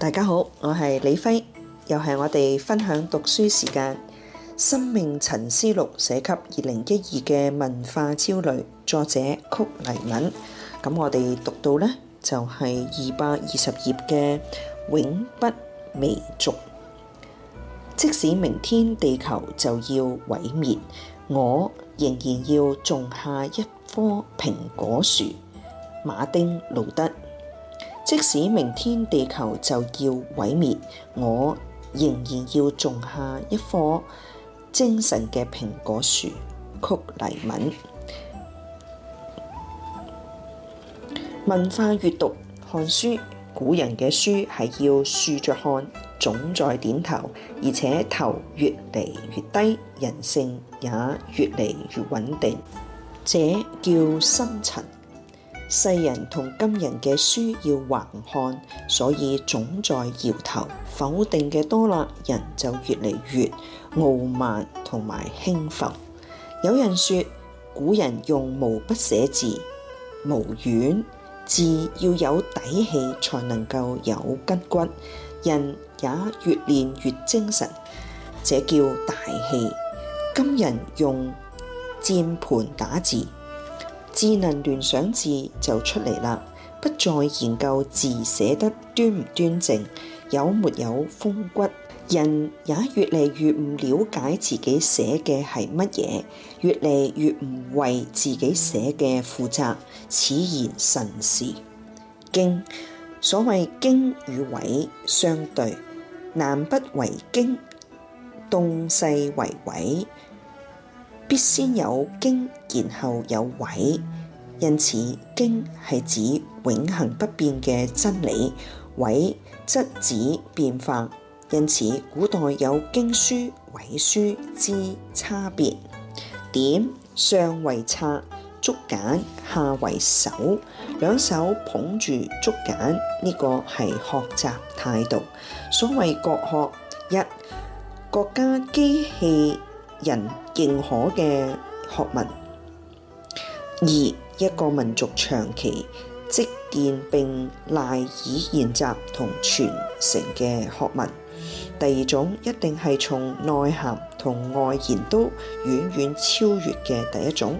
大家好，我係李輝，又係我哋分享讀書時間《生命沉思錄》寫給二零一二嘅文化焦慮，作者曲黎敏。咁我哋讀到呢，就係二百二十頁嘅永不未足，即使明天地球就要毀滅，我仍然要種下一棵蘋果樹。馬丁路德。即使明天地球就要毀滅，我仍然要種下一棵精神嘅蘋果樹。曲黎敏文，文化閱讀，看書。古人嘅書係要豎着看，總在點頭，而且頭越嚟越低，人性也越嚟越穩定，這叫深沉。世人同今人嘅書要橫看，所以總在搖頭否定嘅多啦，人就越嚟越傲慢同埋輕浮。有人說古人用毛筆寫字，毛軟，字要有底氣才能夠有筋骨，人也越練越精神，這叫大氣。今人用鍵盤打字。智能聯想字就出嚟啦，不再研究字寫得端唔端正，有沒有風骨，人也越嚟越唔了解自己寫嘅係乜嘢，越嚟越唔為自己寫嘅負責，此言甚是。經，所謂經與緯相對，南北為經，東西為緯。必先有經，然後有緯。因此經係指永恒不變嘅真理，緯則指變化。因此古代有經書、緯書之差別。典上為冊竹簡，下為手，兩手捧住竹簡，呢、這個係學習態度。所謂國學，一國家機器。人認可嘅學問，二、一個民族長期積澱並賴以研習同傳承嘅學問。第二種一定係從內涵同外延都遠遠超越嘅第一種。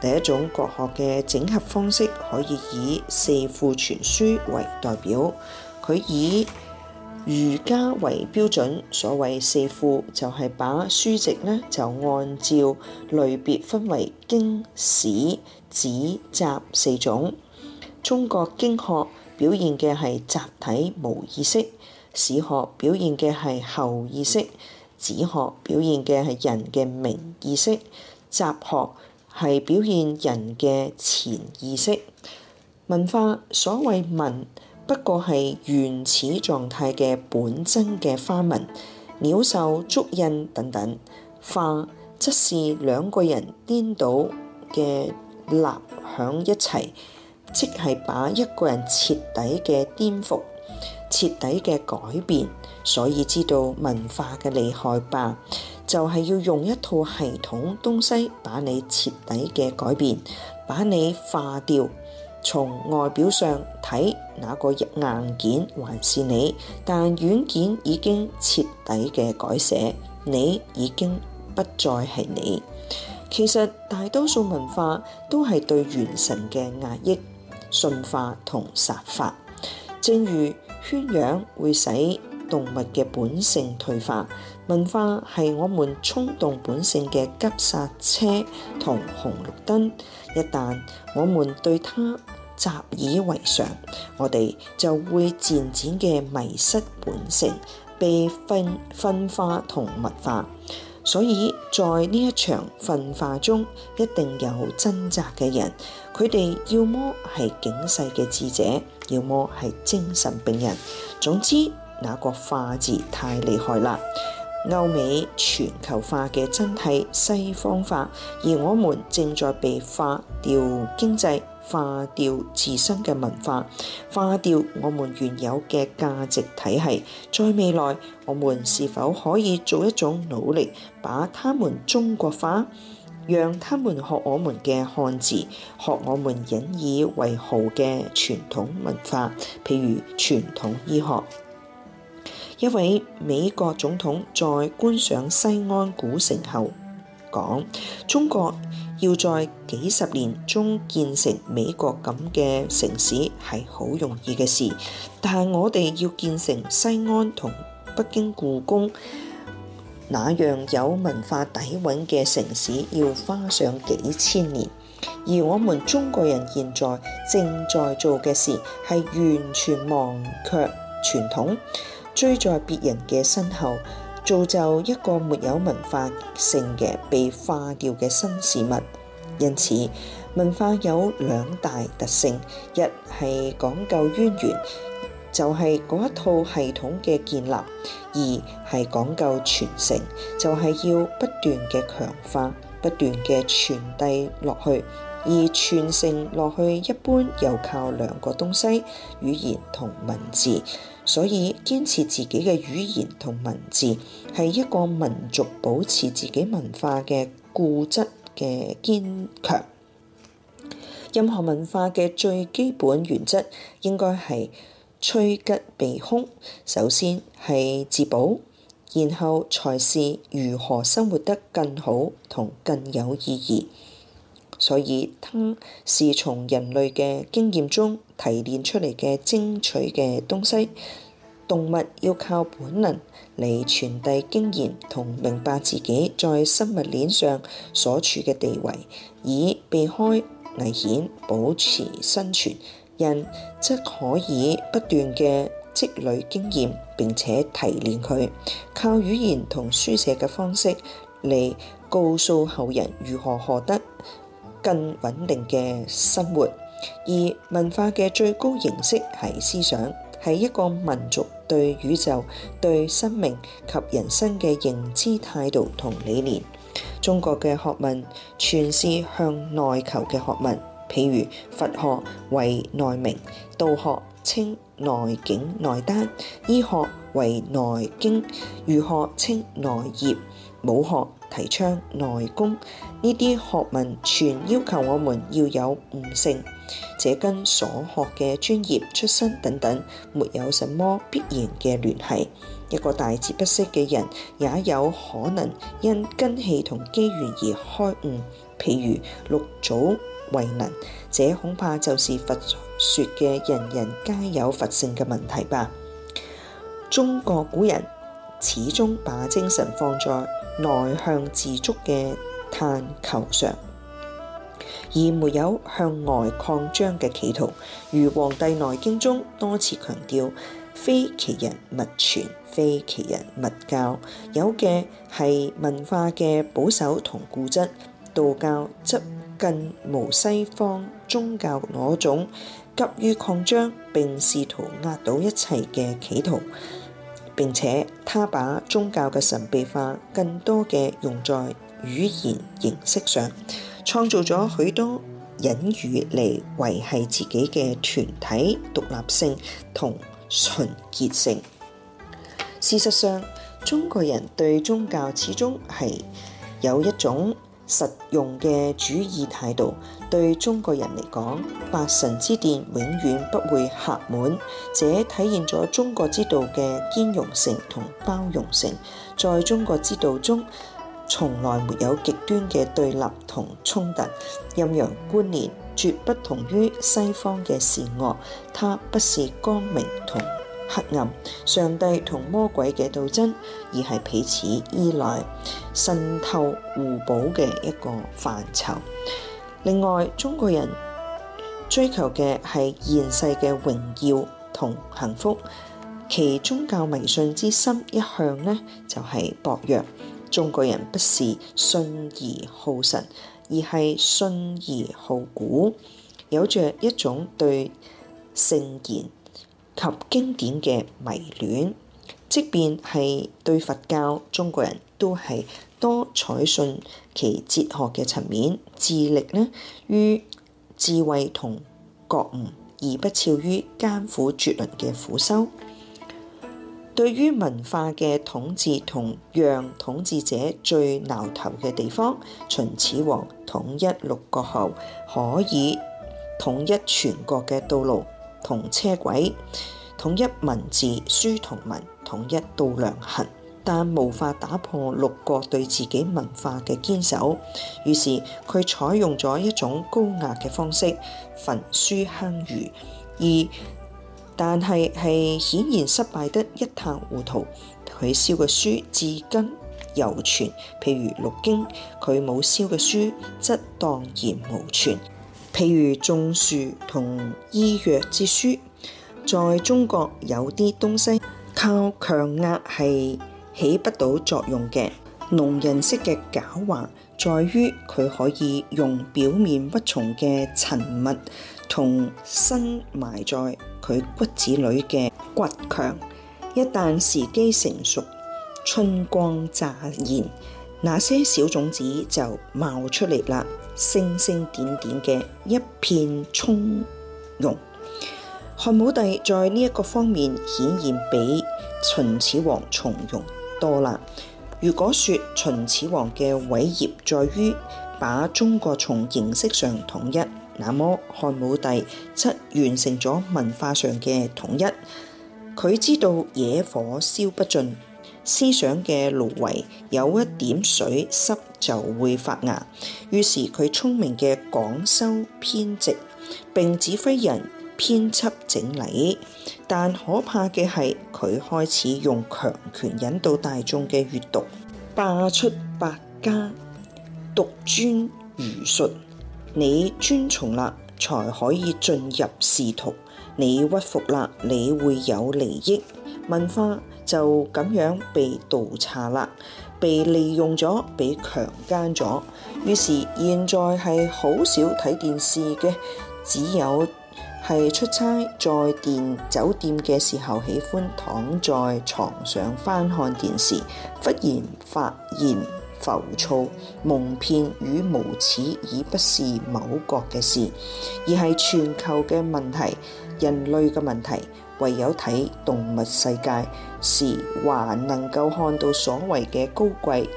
第一種國學嘅整合方式可以以四庫全書為代表，佢以，儒家為標準，所謂四庫就係把書籍呢，就按照類別分為經、史、子、集四種。中國經學表現嘅係集體無意識，史學表現嘅係後意識，子學表現嘅係人嘅明意識，集學係表現人嘅前意識。文化所謂文。不過係原始狀態嘅本真嘅花紋、鳥獸足印等等，化則是兩個人顛倒嘅立響一齊，即係把一個人徹底嘅顛覆、徹底嘅改變。所以知道文化嘅厲害吧？就係、是、要用一套系統東西把你徹底嘅改變，把你化掉。從外表上睇，那個硬件還是你，但軟件已經徹底嘅改寫，你已經不再係你。其實大多數文化都係對「完成」嘅壓抑、馴化同殺法。正如圈養會使動物嘅本性退化，文化係我們衝動本性嘅急煞車同紅綠燈。一旦我們對它習以為常，我哋就會漸漸嘅迷失本性，被分分化同物化。所以，在呢一場分化中，一定有掙扎嘅人。佢哋要麼係警世嘅智者，要麼係精神病人。總之，那個化字太厲害啦！歐美全球化嘅真係西方化，而我們正在被化掉經濟。化掉自身嘅文化，化掉我們原有嘅價值體系，在未來，我們是否可以做一種努力，把他們中國化，讓他們學我們嘅漢字，學我們引以為豪嘅傳統文化，譬如傳統醫學？一位美國總統在觀賞西安古城後講：中國。要在幾十年中建成美國咁嘅城市係好容易嘅事，但係我哋要建成西安同北京故宮那樣有文化底藴嘅城市，要花上幾千年。而我們中國人現在正在做嘅事係完全忘卻傳統，追在別人嘅身後。造就一個沒有文化性嘅被化掉嘅新事物，因此文化有兩大特性：一係講究淵源，就係嗰一套系統嘅建立；二係講究傳承，就係要不斷嘅強化、不斷嘅傳遞落去。而傳承落去一般又靠兩個東西：語言同文字。所以，堅持自己嘅語言同文字，係一個民族保持自己文化嘅固執嘅堅強。任何文化嘅最基本原則應該係趨吉避凶，首先係自保，然後才是如何生活得更好同更有意義。所以，聽是從人類嘅經驗中提煉出嚟嘅精粹嘅東西。動物要靠本能嚟傳遞經驗同明白自己在生物鏈上所處嘅地位，以避開危險保持生存。人則可以不斷嘅積累經驗，並且提煉佢，靠語言同書寫嘅方式嚟告訴後人如何獲得。更穩定嘅生活，而文化嘅最高形式係思想，係一個民族對宇宙、對生命及人生嘅認知態度同理念。中國嘅學問全是向內求嘅學問，譬如佛學為內明，道學稱內景內丹，醫學為內經，儒學稱內業，武學，提倡內功呢啲學問，全要求我們要有悟性，這跟所學嘅專業、出身等等，沒有什麼必然嘅聯繫。一個大字不識嘅人，也有可能因根氣同機緣而開悟。譬如六祖慧能，這恐怕就是佛說嘅人人皆有佛性嘅問題吧。中國古人。始終把精神放在內向自足嘅探求上，而沒有向外擴張嘅企圖。如《黃帝內經》中多次強調：非其人勿傳，非其人勿教。有嘅係文化嘅保守同固執，道教則更無西方宗教那種急於擴張並試圖壓倒一切嘅企圖。並且，他把宗教嘅神秘化更多嘅用在語言形式上，創造咗許多隱語嚟維繫自己嘅團體獨立性同純潔性。事實上，中國人對宗教始終係有一種。實用嘅主義態度對中國人嚟講，八神之殿永遠不會客滿，這體現咗中國之道嘅兼容性同包容性。在中國之道中，從來沒有極端嘅對立同衝突。陰陽觀念絕不同於西方嘅善惡，它不是光明同。黑暗、上帝同魔鬼嘅鬥爭，而係彼此依賴、滲透、互補嘅一個範疇。另外，中國人追求嘅係現世嘅榮耀同幸福，其宗教迷信之心一向呢就係薄弱。中國人不是信而好神，而係信而好古，有着一種對聖賢。及經典嘅迷戀，即便係對佛教，中國人都係多採信其哲學嘅層面，致力呢於智慧同覺悟，而不超於艱苦絕倫嘅苦修。對於文化嘅統治同讓統治者最撓頭嘅地方，秦始皇統一六國後，可以統一全國嘅道路同車軌，統一文字書同文，統一度量衡，但無法打破六國對自己文化嘅堅守。於是佢採用咗一種高壓嘅方式，焚書坑儒。二，但係係顯然失敗得一塌糊塗。佢燒嘅書至今猶存，譬如六經，佢冇燒嘅書則蕩然無存。譬如種樹同醫藥之書，在中國有啲東西靠強壓係起不到作用嘅。農人式嘅狡猾，在於佢可以用表面屈從嘅沉默，同深埋在佢骨子裏嘅倔強。一旦時機成熟，春光乍現，那些小種子就冒出嚟啦。星星點點嘅一片從容，漢武帝在呢一個方面顯然比秦始皇從容多啦。如果說秦始皇嘅偉業在於把中國從形式上統一，那麼漢武帝則完成咗文化上嘅統一。佢知道野火燒不盡。思想嘅蘆葦有一點水濕就會發芽，於是佢聰明嘅廣修編集，並指揮人編輯整理。但可怕嘅係佢開始用強權引導大眾嘅閱讀，罷黜百家，獨尊儒術。你遵從啦，才可以進入仕途；你屈服啦，你會有利益文化。就咁樣被盜竊啦，被利用咗，被強姦咗。於是現在係好少睇電視嘅，只有係出差在電酒店嘅時候，喜歡躺在床上翻看電視。忽然發現浮躁、蒙騙與無恥已不是某國嘅事，而係全球嘅問題，人類嘅問題。唯有睇動物世界時，還能夠看到所謂嘅高貴、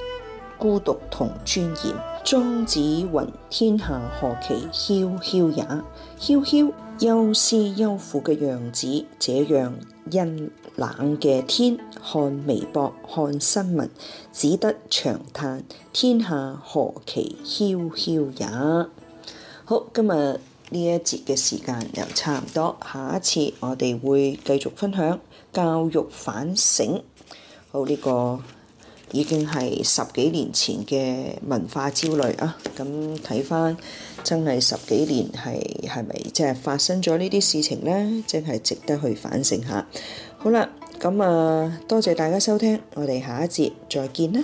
孤獨同尊嚴。莊子云：天下何其囂囂也！囂囂，憂思憂苦嘅樣子。這樣陰冷嘅天，看微博、看新聞，只得長嘆：天下何其囂囂也！好，今日。呢一節嘅時間又差唔多，下一次我哋會繼續分享教育反省。好，呢個已經係十幾年前嘅文化焦慮啊！咁睇翻真係十幾年，係係咪即係發生咗呢啲事情呢？真係值得去反省下。好啦，咁啊，多謝大家收聽，我哋下一節再見啦。